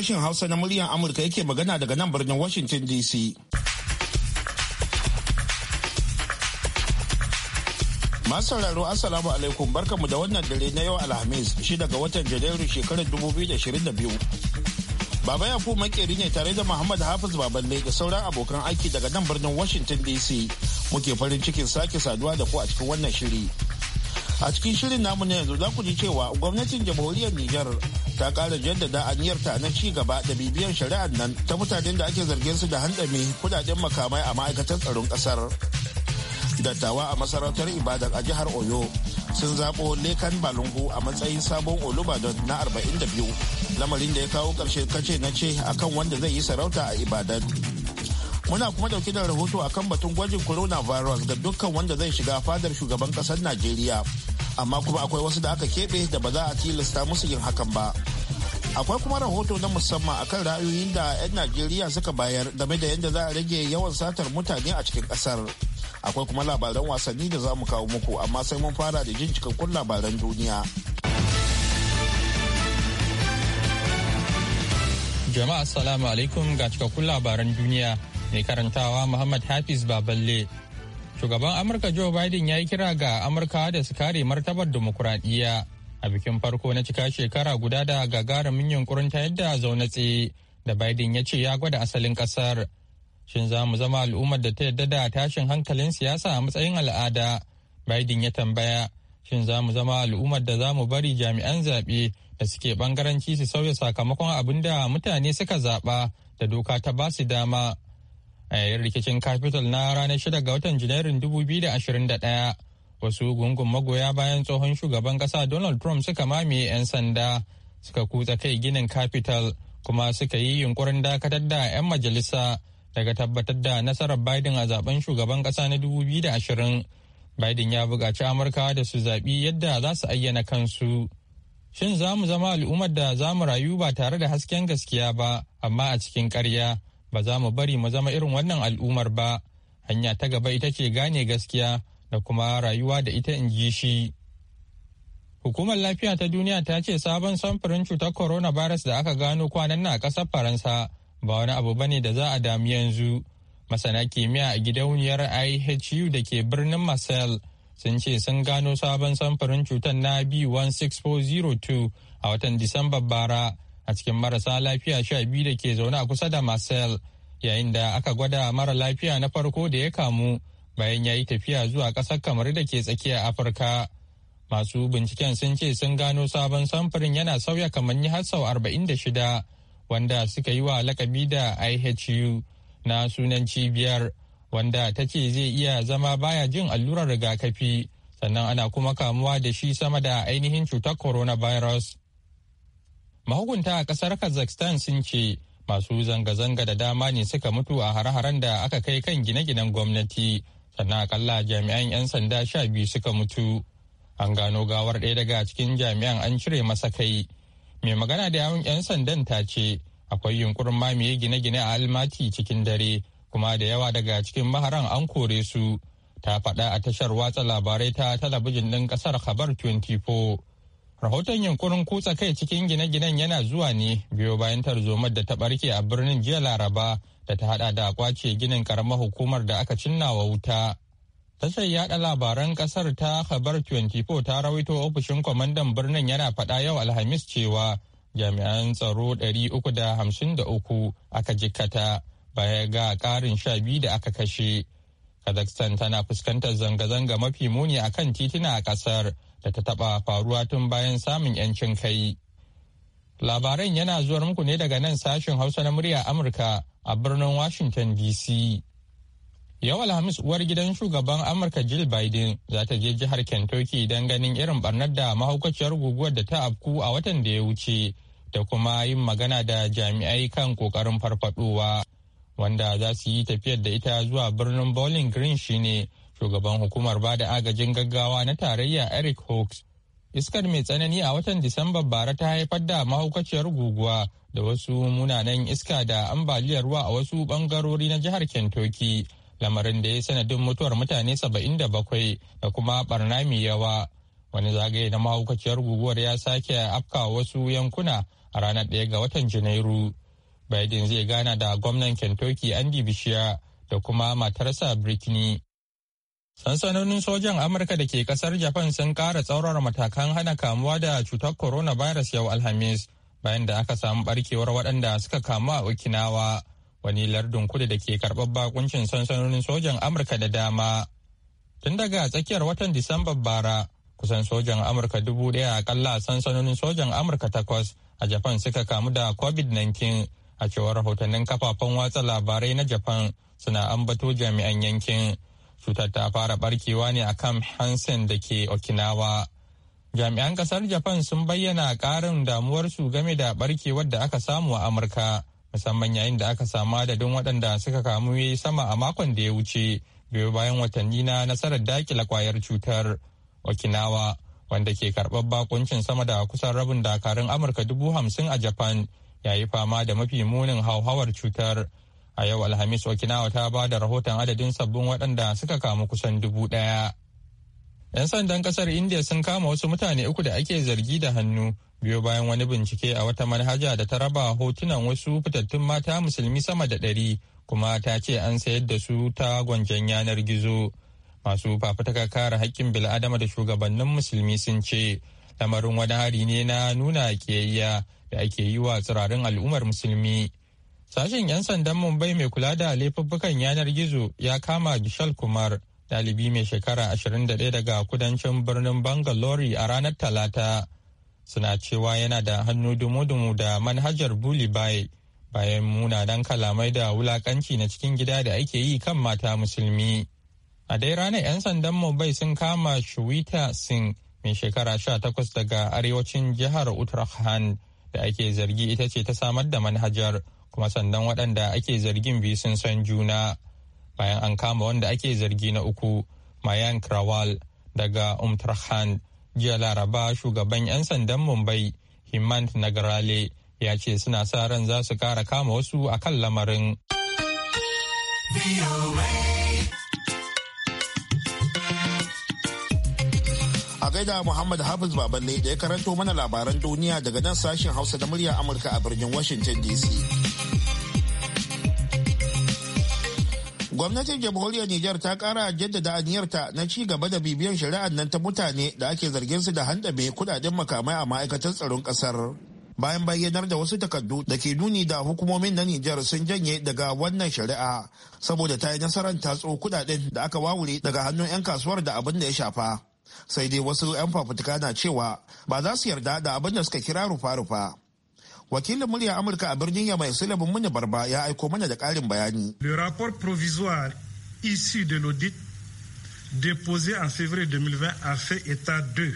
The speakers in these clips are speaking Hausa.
sashen Hausa na muryar Amurka yake magana daga nan birnin Washington DC. Masu sauraro Assalamu alaikum barkamu da wannan dare na yau Alhamis shi daga watan Janairu shekarar 2022. Baba yafu makeri ne tare da Muhammad Hafiz Baballe da sauran abokan aiki daga nan birnin Washington DC. Muke farin cikin sake saduwa da ku a cikin wannan shiri. a cikin shirin namu na yanzu za ku ji cewa gwamnatin jamhuriyar niger ta kara jaddada aniyarta na ci gaba da bibiyar shari'ar nan ta mutanen da ake zargin su da handame kudaden makamai a ma'aikatar tsaron kasar dattawa a masarautar ibadan a jihar oyo sun zaɓo lekan balungu a matsayin sabon olubadan na 42 lamarin da ya kawo ƙarshe kace na ce akan wanda zai yi sarauta a ibadan muna kuma dauke da rahoto akan batun gwajin coronavirus da dukkan wanda zai shiga fadar shugaban ƙasar najeriya amma kuma akwai wasu da aka keɓe da ba za a tilasta musu yin hakan ba akwai kuma rahoto na musamman akan ra'ayoyin da 'yan najeriya suka bayar game da yadda za a rage yawan satar mutane a cikin ƙasar akwai kuma labaran wasanni da za mu kawo muku amma sai mun fara da jin cikakkun labaran duniya jama'a assalamu alaikum ga cikakkun labaran duniya mai karantawa muhammad hafiz baballe Shugaban Amurka Joe Biden ya yi kira ga amurka da su kare martabar dimokuraɗiyya a bikin farko na cika shekara guda da gagarumin yunkurin ta yadda zaune tsaye da Biden ya ce ya gwada asalin ƙasar. Shin za mu zama al'ummar da ta yadda da tashin hankalin siyasa a matsayin al'ada? Biden ya tambaya. Shin za mu zama al'ummar da za mu bari jami'an zaɓe da suke ɓangaranci su sauya sakamakon abin da mutane suka zaɓa da doka ta ba su dama a yayin rikicin capital na ranar 6 ga watan janairun 2021 wasu gungun magoya bayan tsohon shugaban kasa donald trump suka mamaye 'yan sanda suka kutsa kai ginin capital kuma suka yi yunkurin dakatar da 'yan majalisa daga tabbatar da nasarar biden a zaben shugaban kasa na 2020 biden ya buƙaci amurka da su zaɓi yadda za su ayyana kansu shin za mu zama al'ummar da za mu rayu ba tare da hasken gaskiya ba amma a cikin karya. ba za mu bari mu zama irin wannan al'ummar ba hanya ta gaba ita ce gane gaskiya da kuma rayuwa da ita in ji shi hukumar lafiya ta duniya ta ce sabon samfurin cutar corona coronavirus da aka gano kwanan na ƙasar faransa ba wani abu bane da za a dami yanzu masana kimiyya a gidauniyar ihu da ke birnin marcel sun ce sun gano sabon samfurin cutar na b16402 a watan disamba bara a cikin marasa lafiya sha biyu da ke zaune a kusa da marcel yayin da aka gwada mara lafiya na farko da ya kamu bayan ya yi tafiya zuwa ƙasar kamar da ke tsakiyar afirka masu binciken sun ce sun gano sabon samfurin yana sauya kamanni har sau shida. wanda suka yi wa lakabi da ihu na sunan cibiyar wanda ta ce zai iya zama baya jin allurar rigakafi sannan ana kuma kamuwa da shi sama da ainihin cutar coronavirus Mahukunta a kasar Kazakhstan sun ce masu zanga-zanga da dama ne suka mutu a hare-haren da aka kai kan gine-ginen gwamnati, sannan akalla jami'an 'yan sanda sha biyu suka mutu. An gano gawar ɗaya daga cikin jami'an an cire masa kai. Mai magana da yawun 'yan sandan ta ce akwai yunkurin mamaye gine-gine a almati cikin dare, kuma da yawa daga cikin maharan an kore su. Ta faɗa a tashar watsa labarai ta talabijin ɗin ƙasar Khabar 24. Rahoton yankunan kutsa kai cikin gine-ginen yana zuwa ne biyo bayan tarzomar da ta barke a birnin jiya Laraba da ta hada da kwace ginin karamar hukumar da aka cinna wa wuta. Tashar yada labaran kasar ta Habar 24 ta rawaito ofishin kwamandan birnin yana fada yau Alhamis cewa jami'an tsaro 353 aka jikkata baya ga karin sha biyu da aka kashe. Kazakhstan tana fuskantar zanga-zanga mafi muni akan titina a kasar. da ta taba faruwa tun bayan samun 'yancin kai. Labaran yana zuwar muku ne daga nan sashen Hausa na murya Amurka a birnin Washington DC. Yau Alhamis uwar gidan shugaban Amurka Jill Biden za ta je jihar Kentucky don ganin irin barnar da mahaukaciyar guguwar da ta afku a watan da ya wuce da kuma yin magana da jami'ai kan kokarin farfadowa wanda za su yi tafiyar da ita zuwa birnin Bowling Green shine shugaban hukumar ba da agajin gaggawa na tarayya eric hawks iskar mai tsanani a watan disamba bara ta haifar da mahaukaciyar guguwa da wasu munanan iska da ambaliyar ruwa a wasu bangarori na jihar kentucky lamarin da ya sanadin mutuwar mutane 77 da kuma barna mai yawa wani zagaye na mahaukaciyar guguwar ya sake afka wasu yankuna a ranar ɗaya ga watan janairu biden zai gana da gwamnan kentucky andy bishiya da kuma matarsa britney. Sansanonin sojan Amurka da ke kasar Japan sun kara tsaurar matakan hana kamuwa da cutar coronavirus yau Alhamis bayan da aka samu barkewar waɗanda suka kamu a Okinawa, wani lardin kudu da ke karɓar bakuncin sansanonin sojan Amurka da dama. Tun daga tsakiyar watan Disamba bara, kusan sojan Amurka dubu ɗaya akalla sansanonin sojan Amurka takwas a Japan suka kamu da COVID-19 a cewar rahotannin kafafen watsa labarai na Japan suna ambato jami'an yankin. cutar ta fara barkewa ne a kan hansen da ke okinawa jami'an kasar japan sun bayyana karin damuwarsu game da barkewar da aka samu a amurka musamman yayin da aka samu adadin waɗanda suka kamu yayi sama a makon da ya wuce biyo bayan watanni na nasarar dakila kwayar cutar okinawa wanda ke karɓar bakuncin sama da kusan rabin dakarun amurka dubu hamsin a japan yayi fama da mafi munin hauhawar cutar a yau alhamis okinawa ta ba da rahoton adadin sabbin waɗanda suka kamu kusan dubu ɗaya 'yan sandan kasar india sun kama wasu mutane uku da ake zargi da hannu biyo bayan wani bincike a wata manhaja da ta raba hotunan wasu fitattun mata musulmi sama da ɗari kuma ta ce an sayar da su ta gwanjan yanar gizo masu fafutukar kare haƙƙin bil'adama da shugabannin musulmi sun ce lamarin wani hari ne na nuna ƙiyayya da ake yi wa tsirarin al'ummar musulmi Sashen 'yan sandan Mumbai mai kula da laifuffukan yanar gizo ya kama Gishal Kumar, ɗalibi mai shekara 21 daga kudancin birnin Bangalore a ranar Talata. Suna cewa yana da hannu dumu-dumu da manhajar Bulibai bayan munanan kalamai da wulakanci na cikin gida da ake yi kan mata musulmi. A dai ranar 'yan sandan Mumbai sun kama Shuwita Singh mai shekara 18 daga arewacin jihar Uttarakhand da ake zargi ita ce ta samar da manhajar. kuma sannan waɗanda ake zargin biyu sun san juna bayan an kama wanda ake zargi na uku mayank rawal daga umtrahan jiya laraba shugaban 'yan sandan mumbai himant nagarale ya ce suna sa ran za su kara kama wasu a kan lamarin a gaida muhammad hafiz baballe da ya karanto mana labaran duniya daga nan sashen hausa da murya amurka a birnin washington dc gwamnatin jamhuriyar niger ta kara jaddada aniyarta na ci gaba da bibiyan shari'ar nan ta mutane da ake zargin su da handame kudaden makamai a ma'aikatar tsaron kasar bayan bayyanar da wasu takardu da ke nuni da hukumomin na niger sun janye daga wannan shari'a saboda ta yi nasarar tatso kudaden da aka wawure daga hannun 'yan kasuwar da abin da ya shafa sai dai wasu 'yan fafutuka na cewa ba za su yarda da abin da suka kira rufa-rufa wakilin murya amurka a birnin yamai sulaiman muni barba ya aiko mana da karin bayani le rapport provisoire issu de l'audit déposé en février 2020 a fait état de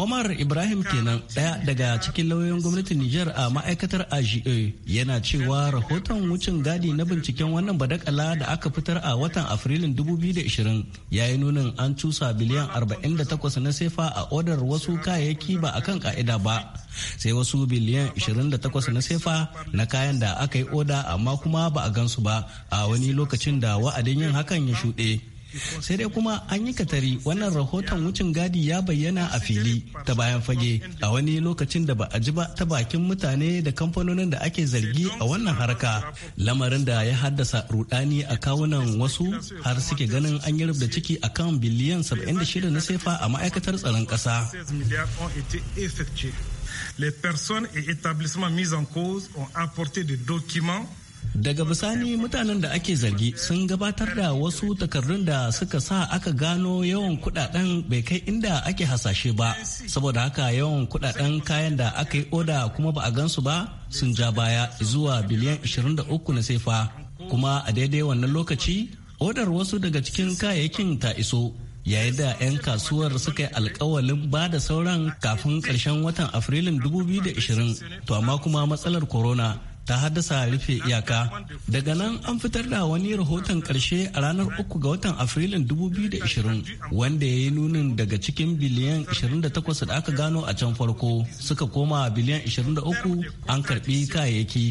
Omar Ibrahim kenan ɗaya daga cikin lauyoyin gwamnatin Nijar a ma'aikatar AGA yana cewa rahoton wucin gadi na binciken wannan badakala da aka fitar a watan Afrilun 2020 ya yi nunin an cusa biliyan 48 na sefa a odar wasu kayayyaki ba akan ka'ida ba. Sai wasu biliyan 28 na sefa na kayan da aka yi oda amma kuma ba a gansu ba a wani lokacin da wa'adin yin hakan ya shuɗe. sai dai kuma an yi katari wannan rahoton wucin gadi ya bayyana a fili ta bayan fage a wani lokacin da ba a ji ba ta bakin mutane da kamfanonin da ake zargi a wannan harka lamarin da ya haddasa rudani a kawunan wasu har suke ganin an yi rubda ciki kan biliyan 76 na sefa a ma'aikatar tsaron ƙasa. Les personnes et établissements mis en cause ont apporté des documents Daga bisani mutanen da ake zargi sun gabatar da wasu takardun da suka sa aka gano yawan kudaden bai kai inda ake hasashe ba, saboda haka yawan kudaden kayan da aka yi oda kuma ba a gansu ba sun ja baya zuwa biliyan 23 na sefa. Kuma a daidai wannan lokaci, odar wasu daga cikin kayayyakin ta iso. yayin da 'yan kasuwar suka yi alkawalin ba da sauran kafin karshen watan afrilun 2020 to amma kuma matsalar corona ta haddasa rufe iyaka daga nan an fitar da wani rahoton karshe a ranar 3 ga watan afrilun 2020 wanda ya yi nunin daga cikin biliyan 28 da aka gano a can farko suka koma biliyan 23 an karbi kayayyaki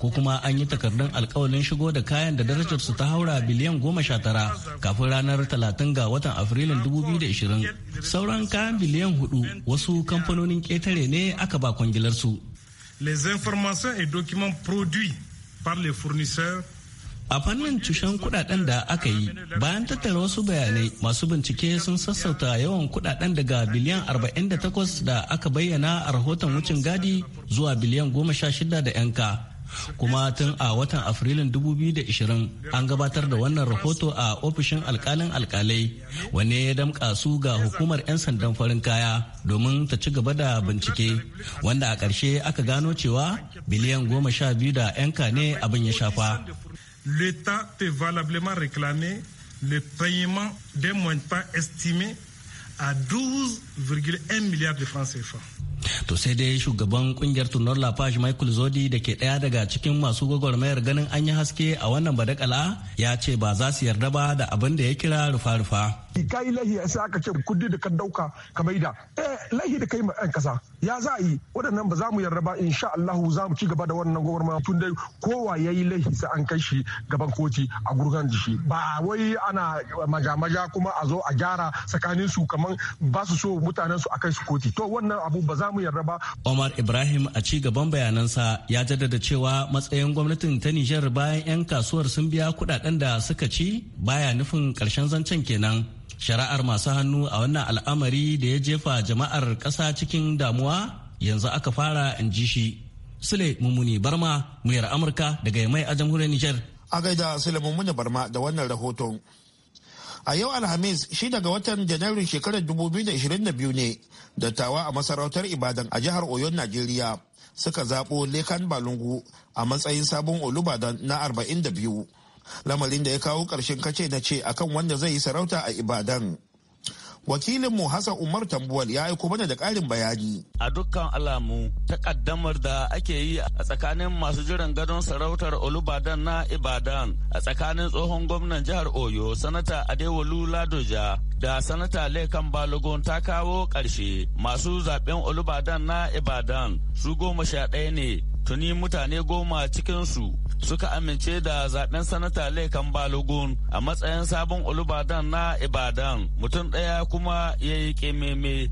ko kuma an yi takardun alkawalin shigo da kayan da darajarsu ta haura biliyan 19 kafin ranar 30 ga watan afrilun 2020 sauran kayan biliyan 4 wasu kamfanonin ketare ne aka ba kwangilarsu. les informations et documents produits par les fournisseurs a fannin tushen kudaden da aka yi bayan tattara wasu bayanai masu bincike sun sassauta yawan kudaden daga biliyan 48 da aka bayyana a rahoton wucin gadi zuwa biliyan 16 da 'yanka kuma tun a watan afrilun 2020 an gabatar da wannan rahoto a ofishin alkalin alkalai wanne ya damka su ga hukumar 'yan sandan farin kaya domin ta ci gaba da bincike wanda a ƙarshe aka gano cewa biliyan goma sha biyu da 'yan ne abin ya shafa A valablement le paiement d'un montant estimé 12,1 milliards de francs CFA. to sai dai shugaban kungiyar tunar lafashi michael zodi da ke daya daga cikin masu gwagwarmayar ganin an yi haske a wannan badakala ya ce ba za su yarda ba da abin da ya kira rufa-rufa ki kai lahi sai aka ce kudi da ka dauka ka maida eh lahi da kai ma ɗan kasa ya za a yi waɗannan ba za mu yarda ba insha Allah za mu ci gaba da wannan gwamnati tun dai kowa yayi lahi sai an kai shi gaban koti a gurgan dishi ba wai ana maja kuma a zo a gyara tsakanin su kamar ba su so mutanen su a kai su koti to wannan abu ba za mu yarda ba Omar Ibrahim a ci gaban bayanansa ya jaddada cewa matsayin gwamnatin ta Nijar bayan 'yan kasuwar sun biya kudaden da suka ci baya nufin karshen zancen kenan Shari'ar masu hannu a wannan al'amari da ya jefa jama'ar ƙasa cikin damuwa yanzu aka fara in ji shi. Sule Mummuni Barma, muryar Amurka daga Yamai a jamhuriyar Nijar. A gaida Sule Mummuni Barma da wannan rahoton. a yau alhamis shi daga watan janairun shekarar 2022 ne dattawa a masarautar ibadan a jihar Oyo najeriya suka zaɓo lekan balungu a matsayin sabon olubadan na 42 lamarin da ya kawo ƙarshen kace na ce akan wanda zai yi sarauta a ibadan wakilinmu hassan umar tambuwal ya aiko mana da ƙarin bayani a dukkan alamu takaddamar da ake yi a tsakanin masu jiran gadon sarautar olubadan na ibadan a tsakanin tsohon gwamnan jihar oyo sanata adewolu ladoja da sanata lekan balogun ta kawo ƙarshe masu zaben olubadan na ibadan su goma sha ɗaya ne tuni mutane goma cikinsu suka amince da zaben sanata laikan balogun a matsayin sabon olubadan na ibadan mutum ɗaya kuma ya yi kememe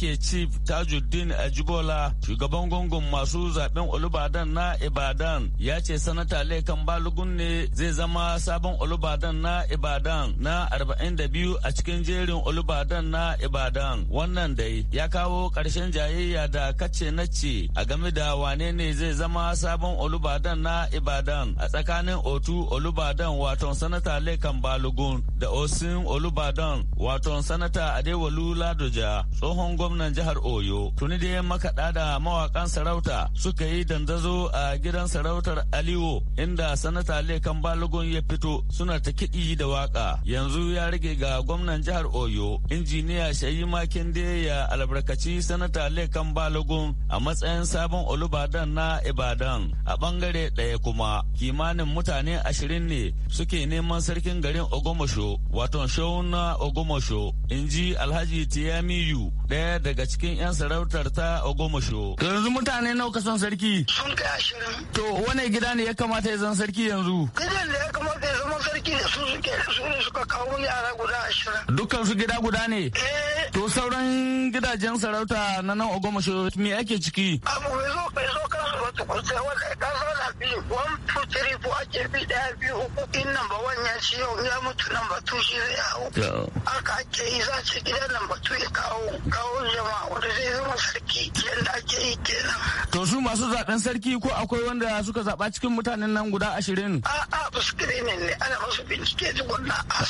ke chief tajuddin ajibola shugaban gungun masu zaben olubadan na ibadan ya ce sanata laikan balogun ne zai zama sabon olubadan na ibadan na 42 a cikin jerin olubadan na ibadan wannan dai ya kawo ƙarshen jayayya da kace na ce a game da wane ne zai zai zama sabon Olubadan na Ibadan a tsakanin Otu Olubadan waton sanata Lekan Balogun da Osin Olubadan waton sanata adewalu Ladoja tsohon gwamnan jihar Oyo. Tuni dai makaɗa da mawakan sarauta suka yi dandazo a gidan sarautar Aliwo inda sanata Lekan Balogun ya fito suna ta kiɗi da waka. Yanzu ya rage ga gwamnan jihar Oyo injiniya Shayi da ya albarkaci sanata Lekan Balogun a matsayin sabon Olubadan na Ibadan a bangare ɗaya kuma kimanin mutane ashirin ne suke neman sarkin garin Ogomosho wato na Ogomosho in ji Alhaji Tiyamiyu ɗaya daga cikin 'yan sarautar ta Ogomosho. Yanzu mutane nawa ka son sarki? Sun kai ashirin. To wani gida ne ya kamata ya zan sarki yanzu? Gidan da ya kamata ya zama sarki da su suke su ne suka kawo yara guda ashirin. Dukkan su gida guda ne? Eh. To sauran gidajen sarauta na nan Ogomosho me ake ciki? Abu bai zo bai zo su ba tukunta wanda ya kasa lafiya. One two three four ake bi ɗaya biyu uku. In namba one ya ci yau ya mutu namba two shi zai hau. Aka ake yi za ce gidan namba two ya kawo. dawo jama'a da zai zama sarki yadda ake yi kenan. To su masu zaben sarki ko akwai wanda suka zaba cikin mutanen nan guda ashirin? A'a ba su ne ana masu bincike tukunna a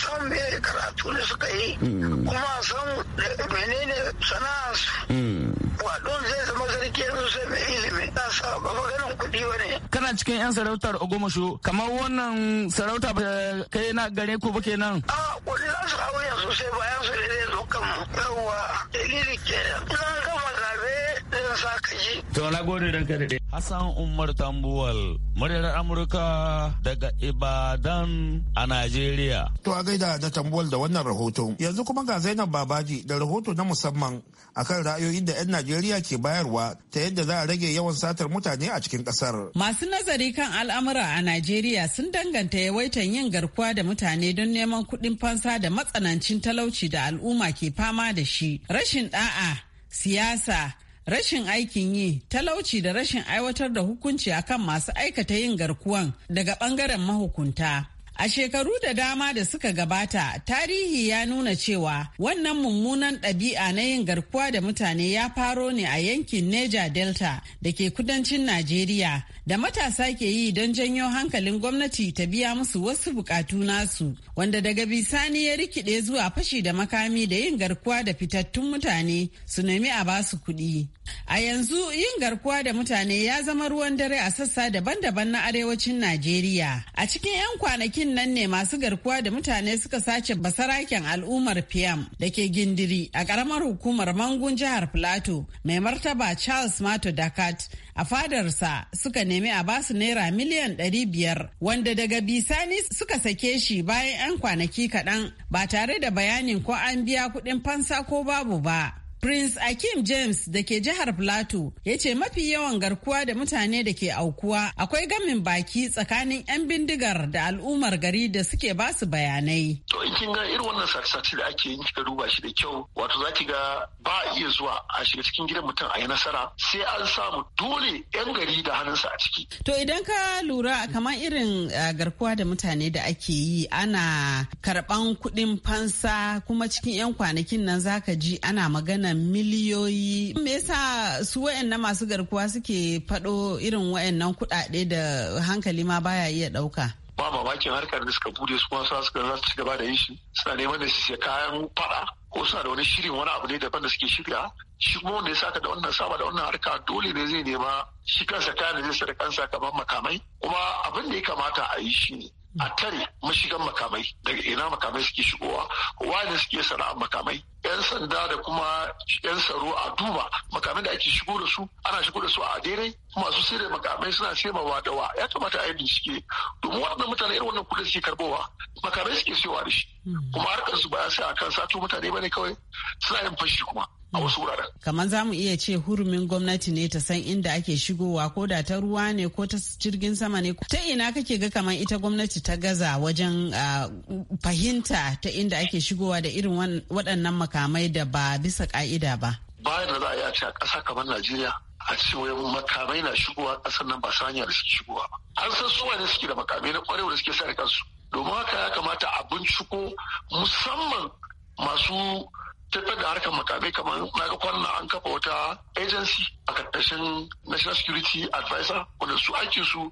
san me karatu ne suka yi hmm. kuma a san menene sana'arsu. Hmm. wadon zai zama sarki yanzu sai mai ilimi na sa ba maganin kuɗi ba ne. kana cikin yan sarautar ogomosho kamar wannan sarauta ba kai na gare ku ba kenan. a kuɗi za su hau yanzu sai bayan su ne zai zo kan Yawa dalili ke nan za To na gode don kada dai. Hassan Umar Tambuwal, muryar Amurka daga Ibadan a Najeriya. To a gaida da Tambuwal da wannan rahoto. Yanzu kuma ga Zainab Babaji da rahoto na musamman akan ra'ayoyin da 'yan Najeriya ke bayarwa ta yadda za a rage yawan satar mutane a cikin ƙasar. Masu nazari kan al'amura a Najeriya sun danganta yawaitan yin garkuwa da mutane don neman kuɗin fansa da matsanancin talauci da al'umma ke fama da shi. Rashin ɗa'a, siyasa, rashin aikin yi, talauci da rashin aiwatar da hukunci akan masu aikata yin garkuwan daga bangaren mahukunta. A shekaru da dama da suka gabata, tarihi ya nuna cewa wannan mummunan ɗabi'a na yin garkuwa da mutane ya faro ne a yankin Neja Delta da ke kudancin Najeriya, da matasa ke yi don janyo hankalin gwamnati ta biya musu wasu bukatu nasu, wanda daga bisani ya rikide zuwa fashi da makami da yin garkuwa da fitattun mutane su nemi a basu kuɗi. A yanzu yin garkuwa da mutane ya zama ruwan dare a sassa daban-daban na arewacin Najeriya. A cikin 'yan kwanakin kwanakin nan ne masu garkuwa da mutane suka sace basaraken al'ummar Fiam da ke gindiri a karamar hukumar Mangun jihar plato mai martaba Charles Mato Dakat a fadarsa suka nemi a basu naira miliyan 500 wanda daga bisani suka sake shi bayan 'yan kwanaki kaɗan ba tare da bayanin ko an biya kuɗin fansa ko babu ba. Prince Akim James da ke jihar Plateau ya ce mafi yawan garkuwa da mutane da ke aukuwa akwai gamin baki tsakanin 'yan bindigar da al'ummar gari da suke ba su bayanai. To in kin ga irin wannan sace da ake yin kika duba shi da kyau wato za ki ga ba a iya zuwa a shiga cikin gidan mutum a yi nasara sai an samu dole 'yan gari da hannunsa a ciki. To idan ka lura kamar irin eh, garkuwa da mutane da ake yi ana karɓan kuɗin fansa kuma cikin 'yan kwanakin nan zaka ji ana magana miliyoyi me yasa su wayannan masu garkuwa suke faɗo irin wayannan kuɗaɗe da hankali ma baya iya ɗauka ba mamakin harkar da suka bude su kuma suka za su gaba da yin shi suna neman da su siya kayan fada ko suna da wani shirin wani abu ne daban da suke shirya shi kuma wanda ya saka da wannan saba da wannan harka dole ne zai nema shi kansa kayan da zai da kansa kamar makamai kuma abin da ya kamata a yi shi ne a tare mashigan makamai daga ina makamai suke shigowa wani suke sana'ar makamai 'yan sanda da kuma 'yan tsaro a duba makamai da ake shigo da su ana shigo da su a daidai masu sai da makamai suna semawa da wa ya kamata a yi bincike domin waɗannan mutane irin wannan kudin suke karbowa makamai suke sewa da shi hmm. kuma harkar su ba ya sai a kan sato mutane bane kawai suna yin fashi kuma a wasu wuraren. Kamar za mu iya ce hurumin gwamnati ne ta san inda ake shigowa ko da ta ruwa ne ko ta jirgin sama ne. Ta ina kake ga kamar ita gwamnati ta gaza wajen ah, fahimta ta inda ake shigowa da irin waɗannan makamai. makamai da ba bisa ka'ida ba. Bayan da za a yi a ce a ƙasa kamar Najeriya a ce wai makamai na shigowa ƙasar nan ba su hanyar suke shigowa ba. An san su ne suke da makamai na ƙwarewa da suke sa da kansu. Domin haka ya kamata a binciko musamman masu tafiyar da harkar makamai kamar na ga kwanan an kafa wata agency a ƙarƙashin National Security Advisor wanda su aikin su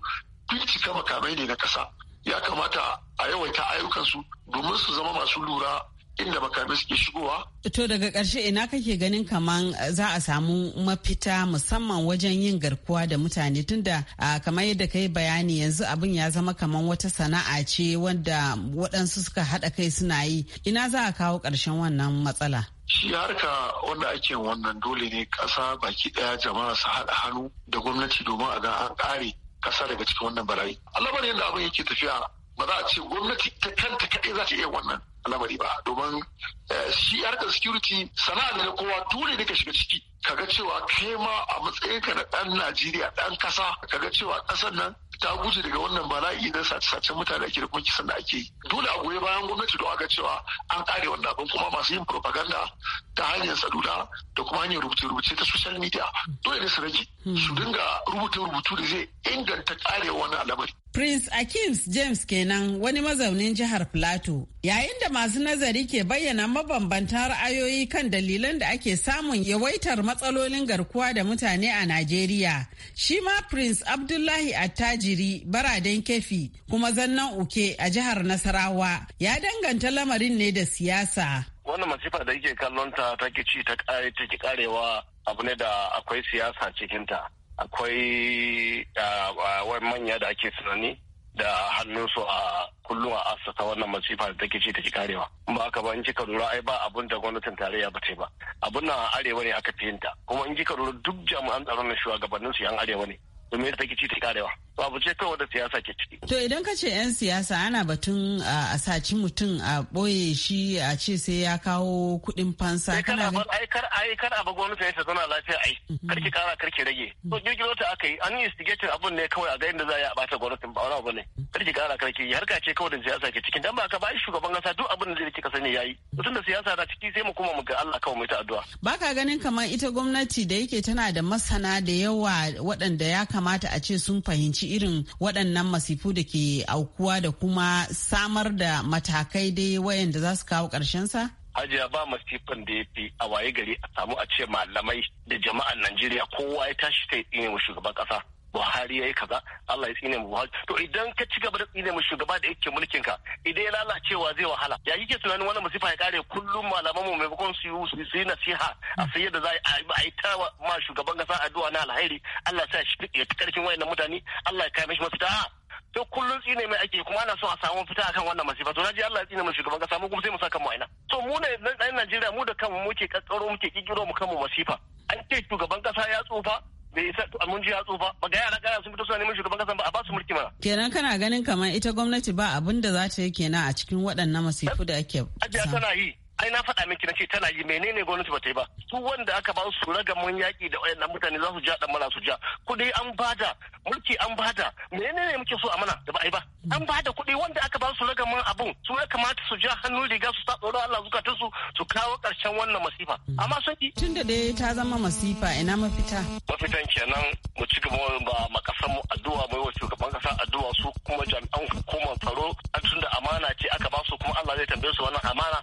bincika makamai ne na ƙasa. Ya kamata a yawaita ayyukansu domin su zama masu lura inda makamai suke shigowa. To daga karshe ina kake ganin kaman eh, za a samu mafita musamman wajen yin garkuwa da mutane tunda ah, kamar yadda kayi bayani yanzu abin ya zama kaman wata sana'a ce wanda waɗansu suka haɗa kai suna yi ina za a kawo ƙarshen wannan matsala. Shi harka wanda ake wannan dole ne ƙasa baki ɗaya jama'a su haɗa hannu da gwamnati domin a ga an ƙare ƙasa daga cikin wannan barayi. Alamar yadda abin yake tafiya ba za a ce gwamnati ta kanta kaɗai za ta iya wannan lamari ba domin eh, shi harkar security sana'a da kowa dole ne ka shiga ciki kaga cewa kai ma a matsayinka na ɗan najeriya ɗan ƙasa ga cewa ƙasar nan ta guje daga wannan bala'i na sace-sacen mutane ake da kuma kisan da ake yi dole a goyi bayan gwamnati don ga cewa an ƙare wannan abin kuma masu yin propaganda ta hanyar salula da kuma hanyar rubuce-rubuce ta social media dole ne su rage hmm. su dinga rubuta rubutu da zai inganta karewa wani al'amari. Prince Akims James kenan wani mazaunin jihar Plateau yayin da masu nazari ke bayyana mabambantan ra'ayoyi kan dalilan da ake samun yawaitar matsalolin garkuwa da mutane a Najeriya. Shi ma Prince Abdullahi Attajiri Baraden Kefi kuma zannan uke a jihar Nasarawa ya danganta lamarin ne da siyasa. wannan masifa da yake kallon ta take ci ta kare karewa abu ne da akwai siyasa cikinta akwai ah, ah, wai manya da ake tunani da hannunsu a kullum a asasa wannan masifa da take ci ki karewa ba aka ba in kika lura ai ba abun da gwamnatin tarayya ba ta ba abun nan arewa ne aka fi yinta kuma in kika lura duk jami'an tsaron na shugabannin su yan arewa ne domin ta take ci ki karewa babu ce kawai da siyasa ke ciki. To idan ka ce 'yan siyasa ana batun a saci mutum a ɓoye shi a ce sai ya kawo kuɗin fansa. Kana ga aikar aikar abu gwamnati ta zauna lafiya ai mhm. karki kara karki rage. Mhm. To jirgin ta aka yi an yi investigating abun ne kawai a ga inda za a yi a bata gwamnatin ba wani abu ne. Mhm. Karki kara karki yi harka ce kawai da siyasa ke cikin dan ba ka ba shugaban kasa duk abin da zai ne ya yayi. Mutum da siyasa na ciki sai mu kuma mu ga Allah kawai mu ta addu'a. Ba ka ganin kamar ita gwamnati da yake tana da masana da yawa waɗanda ya kamata a ce sun fahimci fuskanci irin waɗannan masifu da ke aukuwa da kuma samar da matakai dai wayanda za su kawo sa. Hajiya ba masifan da ya fi a waye gari a samu a ce malamai da jama'an Najeriya kowa ya tashi sai tsine shugaban ƙasa. Buhari ya yi kaza Allah ya tsine mu Buhari to idan ka ci gaba da tsine mu shugaba da yake mulkin ka idan ya lalacewa zai wahala ya ke tunanin wannan masifa ya kare kullum malaman mu maimakon su yi su yi nasiha a sai yadda za a yi ta ma shugaban kasa addu'a na alheri Allah ya sa shi ya karfin wayannan mutane Allah ya kai mishi mafita ah, to kullum tsine mai ake kuma ana so a samu fita akan wannan masifa to naji Allah ya tsine mu shugaban kasa mu kuma sai mu saka mu aina to mu ne dan Najeriya mu da kanmu muke kakkaro muke kikiro mu kanmu masifa an ce shugaban kasa ya tsufa bai isa mun ji yatsu ba ba ga yara kana sun fito suna neman shugaban kasan ba a ba su mulki mana kenan kana ganin kamar ita gwamnati ba abin da za ta yi kenan a cikin waɗannan masifu da ake ajiya tana yi ai na faɗa miki nace tana yi menene gwamnati ba ta yi ba su wanda aka ba su ragaman yaƙi da wayannan mutane za su ja dan mana su ja kudi an bada mulki an bada menene muke so a mana da ba ai ba an bada kuɗi wanda aka ba su ragaman abun su ya kamata su ja hannu riga su sa tsoro Allah zukatun su su kawo ƙarshen wannan masifa amma sun yi tunda da ta zama masifa ina mafita mafitan kenan mu ci gaba ba makasan mu addu'a mai wa shugaban kasa addu'a su kuma jami'an hukumar tsaro tunda amana ce aka ba su kuma Allah zai tambaye su wannan amana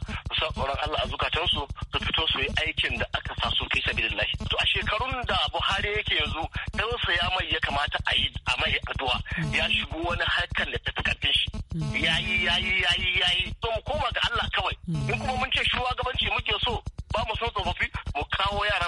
tsoron Allah a zukatansu su fito su yi aikin da aka sa su fi sabilillahi to a shekarun da Buhari yake yanzu dan ya mai ya kamata a yi a mai addu'a ya shigo wani harkan da ta fi shi yayi yayi yayi yayi to mu koma ga Allah kawai in kuma mun ce shugabanci muke so ba mu so tsofaffi mu kawo yara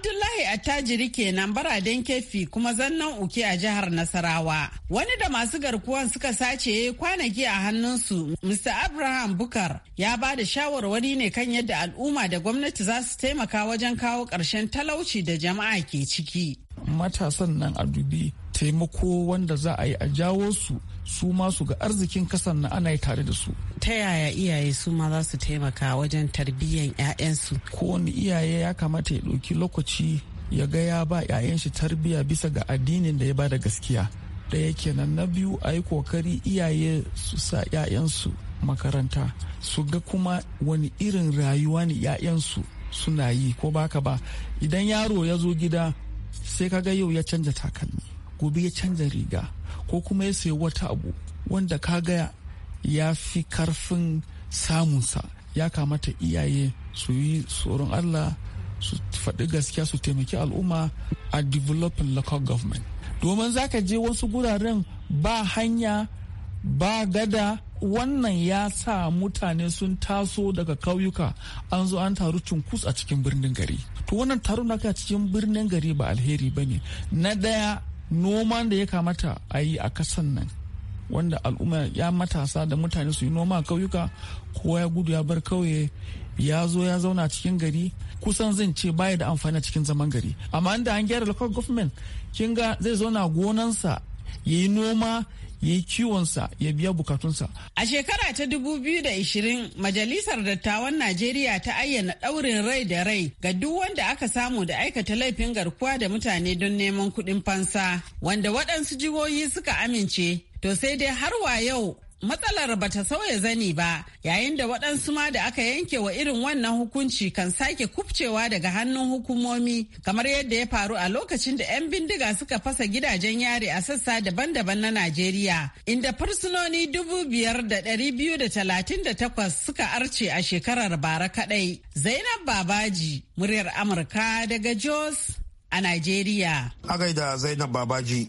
Abdullahi attajiri kenan baraden kefi kuma zannan uke a jihar Nasarawa. Wani da masu garkuwan suka sace kwanaki a hannunsu, Mr. Abraham Bukar ya ba da shawarwari ne kan yadda al'umma da gwamnati za su taimaka wajen kawo ƙarshen talauci da jama'a ke ciki. matasan nan a dubi taimako wanda za a yi a jawo su su ma su ga arzikin kasan na ana yi tare da su. Ta yaya iyaye su ma za su taimaka wajen tarbiyyan 'ya'yansu? Kowane iyaye ya kamata ya ɗauki lokaci ya ga ya ba 'ya'yan shi tarbiyya bisa ga addinin da ya ba da gaskiya. Ɗaya kenan na biyu a yi kokari iyaye su sa 'ya'yansu makaranta su ga kuma wani irin rayuwa ne 'ya'yansu suna yi ko baka ba idan yaro ya zo gida sai kaga yau ya canza takalmi gobe ya canza riga ko kuma ya sayi wata abu wanda ka kaga ya fi karfin samunsa ya kamata iyaye su yi tsoron allah su faɗi gaskiya su taimaki al'umma a developing local government domin zaka je wasu guraren ba hanya ba gada wannan ya sa mutane sun taso daga kauyuka an zo an taru cunkus a cikin birnin gari to wannan taron da a cikin birnin gari ba alheri ba ne na daya noma da ya kamata a yi a kasan nan wanda al'umma ya matasa da mutane su yi noma a kauyuka kowa ya gudu ya bar kauye ya zo ya zauna cikin gari kusan zan ce baya da amfani a cikin zaman gari amma inda an gyara local government kinga zai zauna gonansa ya yi noma ya yi kiwonsa ya biya bukatunsa. A shekara ta 2020 Majalisar Dattawan Najeriya ta ayyana ɗaurin rai da rai ga duk wanda aka samu da aikata laifin garkuwa da mutane don neman kuɗin fansa wanda waɗansu jihohi suka amince To sai dai har wa yau Matsalar ba ta sauya zani ba yayin da waɗansu ma da aka yanke wa irin wannan hukunci kan sake kufcewa daga hannun hukumomi kamar yadda ya faru a lokacin da 'yan bindiga suka fasa gidajen yare a sassa daban-daban na Najeriya inda fursunoni dubu biyar da ɗari biyu da talatin da takwas suka arce a shekarar bara kaɗai. Zainab Babaji, muryar Amurka daga Jos a Najeriya. A gaida Zainab Babaji.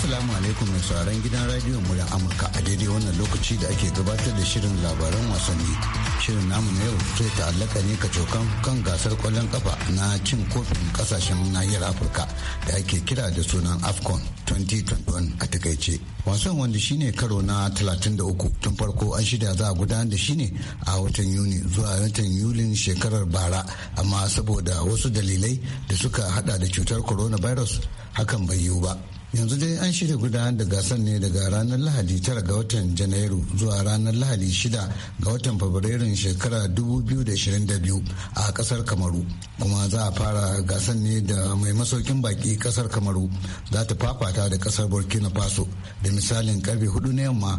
Assalamu alaikum mai sauraron gidan radiyon murya Amurka a daidai wannan lokaci da ake gabatar da shirin labaran wasanni. Shirin namu na yau zai ta'allaka ne kacokan kan gasar kwallon kafa na cin kofin kasashen nahiyar Afirka da ake kira da sunan AFCON 2021 a takaice. Wasan wanda shine karo na 33 tun farko an shida za a gudanar da shi ne a watan Yuni zuwa watan Yulin shekarar bara amma saboda wasu dalilai da suka hada da cutar coronavirus hakan bai yiwu ba. yanzu dai an shirya gudanar da gasar ne daga ranar lahadi tara ga watan janairu zuwa ranar lahadi shida ga watan fabrairun shekara 2022 a kasar kamaru kuma za a fara gasar ne da mai masaukin baki kasar kamaru za ta fafata da kasar burkina faso da misalin karfe 4 na yamma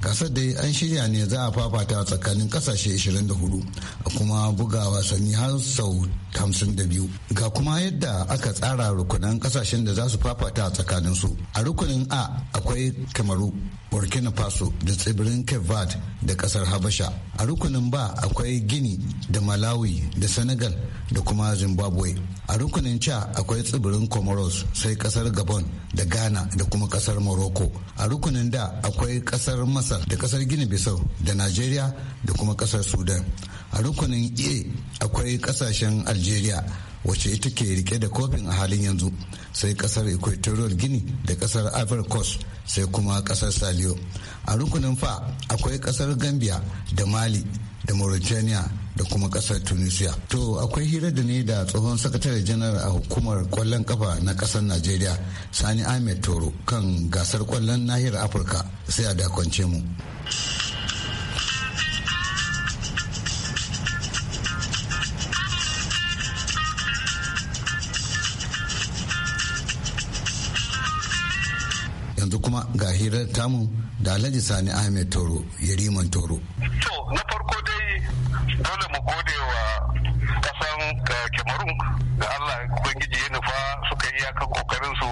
gasar dai an shirya ne za a fafata tsakanin kasashe 24 a kuma buga wasanni har sau 52 ga kuma yadda aka tsara rukunan kasashen da za su fafata a tsakanin su a rukunin a akwai kamaru burkina faso da tsibirin Verde da kasar habasha a rukunin ba akwai gini da malawi da senegal da kuma zimbabwe a rukunin ca akwai tsibirin comoros sai kasar gabon da ghana da kuma kasar morocco a rukunin da akwai kasar mas masar da kasar gini bissau da najeriya da kuma kasar sudan a rukunin a akwai kasashen algeria wacce ita ke rike da kofin a halin yanzu sai kasar equatorial guinea da kasar ivory coast sai kuma kasar saliyo a rukunin fa akwai kasar gambia da mali da mauritania da kuma kasar tunisia to akwai hira da ne da tsohon sakatare janar a hukumar kwallon kafa na kasar najeriya sani ahmed toro kan gasar kwallon nahiyar afirka sai a dakwance mu yanzu kuma ga hirar tamu da alhaji sani ahmed toro yariman toro to na dole mu gode wa kasan eh, Cameroon da Allah Ubangiji ya nufa suka yi yakan kokarin su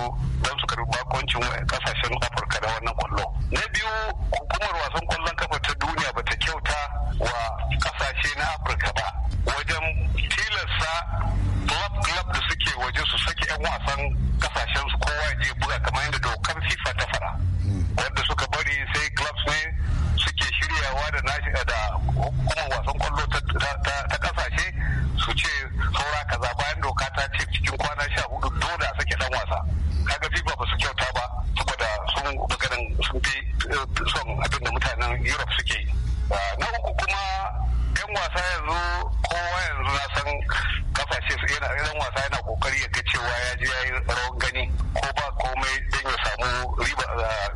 ce yana ɗan wasa yana kokari ya ga cewa ya je ya yi rawan gani ko ba komai don ya samu riba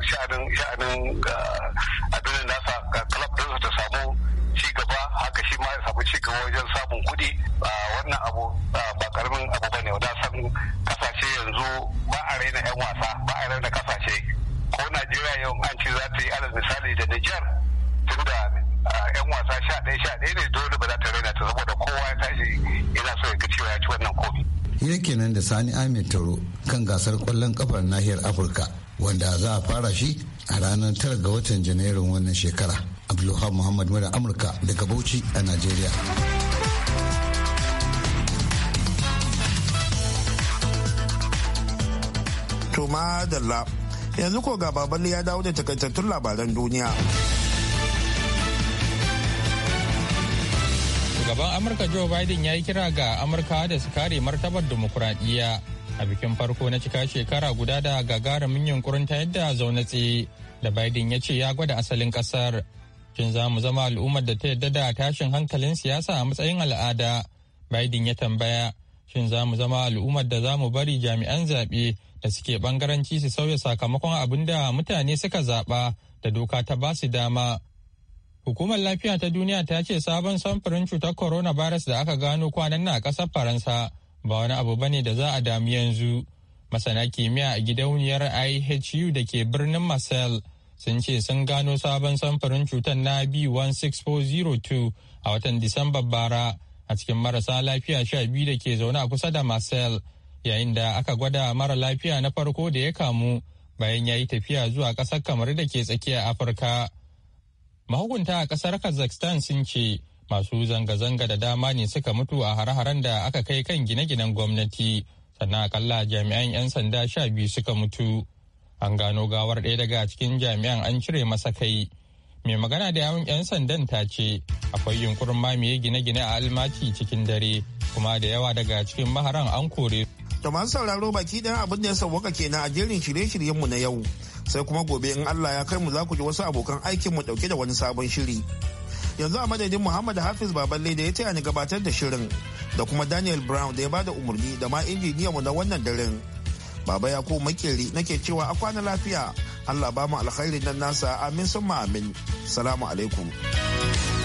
sha'anin sha'anin abinin nasa ga club ɗinsa ta samu ci gaba haka shi ma ya samu ci gaba wajen samun kuɗi wannan abu ba karamin abu ba ne wanda san kasashe yanzu ba a raina 'yan wasa ba a raina kasashe ko najeriya yau an ce za ta yi alal misali da nijar tunda 'yan wasa sha ɗaya sha ɗaya ne dole ba za ta raina ta saboda yana so ya ga cewa ya ci wannan kofi. ya kenan da Sani Ahmed Taro kan gasar kwallon kafar nahiyar Afirka wanda za a fara shi a ranar tara ga watan Janairun wannan shekara. Abdulhamid Muhammad Mura Amurka daga Bauchi a Najeriya. Tuma Dalla yanzu ko ga baballe ya dawo da takaitattun labaran duniya. Shugaban Amurka Joe Biden ya yi kira ga amurka da su kare martabar dimokuraɗiyya a bikin farko na cika shekara guda da gagarumin yunkurin ta yadda zaune tsaye da Biden ya ce ya gwada asalin kasar Shin za mu zama al'ummar da ta yadda da tashin hankalin siyasa a matsayin al'ada? Biden ya tambaya. Shin za mu zama al'ummar da za mu bari jami'an zaɓe da suke ɓangaranci su sauya sakamakon abin da mutane suka zaɓa da doka ta ba su dama Hukumar lafiya ta duniya ta ce sabon samfurin cutar corona coronavirus da aka gano kwanan na ƙasar Faransa ba wani abu bane da za a dami yanzu. Masana kimiyya a gidauniyar IHU da ke birnin Marcel sun ce sun gano sabon samfurin cutar na B16402 a watan Disamba bara a cikin marasa lafiya sha biyu da ke zaune a kusa da Marcel yayin da aka gwada mara lafiya na farko da ya kamu bayan ya yi tafiya zuwa ƙasar kamar da ke tsakiyar Afirka. Mahukunta a kasar Kazakhstan sun ce masu zanga-zanga da dama ne suka mutu a har haren da aka kai kan gine-ginen gwamnati, sannan akalla jami'an 'yan sanda sha biyu suka mutu. An gano gawar ɗaya daga cikin jami'an an cire masa kai. Mai magana da yawun 'yan sandan ta ce akwai yunkurin mamaye gine-gine a almaki cikin dare, kuma da yawa daga cikin maharan an kore. To masu sauraro baki ɗan abin da ya sauwaka kenan a jerin shirye-shiryenmu na yau. sai kuma gobe in Allah ya kai mu za ku ji wasu abokan aikin mu dauke da wani sabon shiri. Yanzu a madadin Muhammad Hafiz Baballe da ya taya ni gabatar da shirin da kuma Daniel Brown da ya bada umarni da ma injiniya mu na wannan daren. Baba ya ko makeri nake cewa a kwana lafiya. Allah ba mu alkhairin nan nasa amin summa amin. Salamu alaikum.